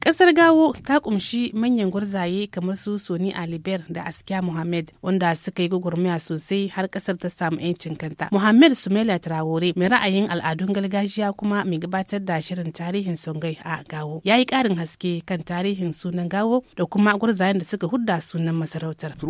Ƙasar Gawo ta kumshi manyan gwarzaye kamar su Soni Aliber da Askiya muhammed wanda suka yi gwagwarmaya sosai har ƙasar ta samu 'yancin kanta. muhammed sumela Traore mai ra'ayin al'adun gargajiya kuma mai gabatar da shirin tarihin Songai a Gawo. Ya yi ƙarin haske kan tarihin sunan Gawo da kuma gurzayen da suka hudda sunan masarautar.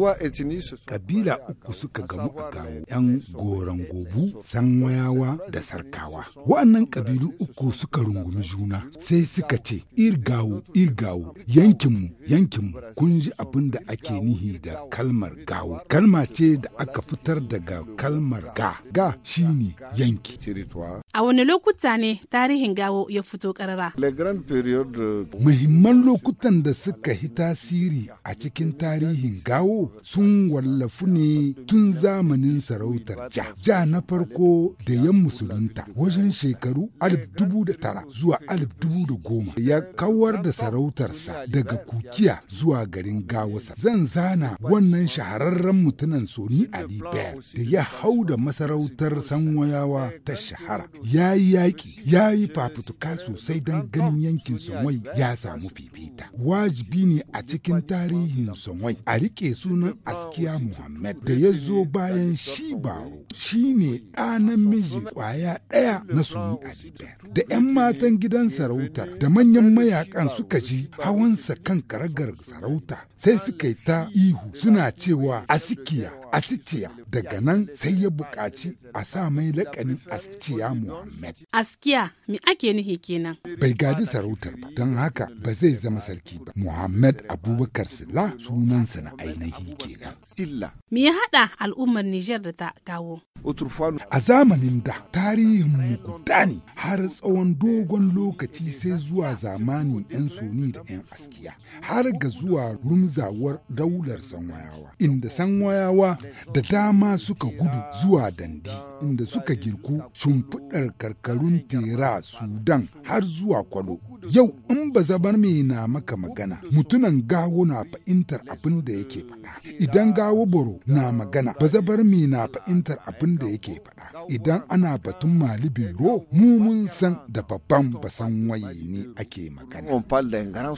Kabila uku suka gamu a Gawo, 'yan goron gobu, sanwayawa da sarkawa. Wa'annan kabilu uku suka rungumi juna sai suka ce Irgawo gawo ir gawo yankinmu yankinmu kun ji abin da ake nihi da kalmar gawo kalma ce da aka fitar daga kalmar ga ga shine yanki a wani lokuta ne tarihin gawo ya fito karara muhimman lokutan da suka yi tasiri a cikin tarihin gawo sun wallafu ne tun zamanin sarautar ja ja na farko da yan musulunta wajen shekaru alif dubu da tara zuwa alif dubu da goma ya kawar da da sarautarsa daga kukiya zuwa garin gawasa zan zana wannan shahararren mutumin soni ali bear da ya hau da masarautar sanwayawa ta shahara ya yi yaƙi ya yi fafutuka sosai don ganin yankin sonwai ya samu fifita wajibi ne a cikin tarihin sonwai a riƙe sunan askiya muhammad da ya zo bayan shi baro shi ne ɗanan miji ƙwaya ɗaya na suni ali bear da 'yan matan gidan sarautar da manyan mayakan suka ji hawansa kan karagar sarauta sai suka yi ta ihu suna cewa asikiya Asitiya daga nan sai ya buƙaci a sa mai lakanin askiya Muhammad. Askiya me ake nufi kenan? Bai gaji sarautar ba don haka ba zai zama sarki ba. Muhammad Abubakar Silla sunansa na ainihi kenan. Silla. Me ya haɗa al'ummar Nijar da ta kawo? A zamanin da tarihin mu guda ne har tsawon dogon lokaci sai zuwa zamani 'yan suni da 'yan askiya har ga zuwa rumzawar daular sanwayawa inda sanwayawa da dama suka gudu zuwa dandi inda suka girku shimfiɗar karkarun tera Sudan har zuwa kwalo. Yau in ba zabar mai na maka magana mutunan gawo na fahimtar abin da yake faɗa. Idan gawo boro na magana ba zabar mai na fahimtar abin da yake faɗa. Idan ana batun mali biro mu mun san da babban basan waye ne ake magana.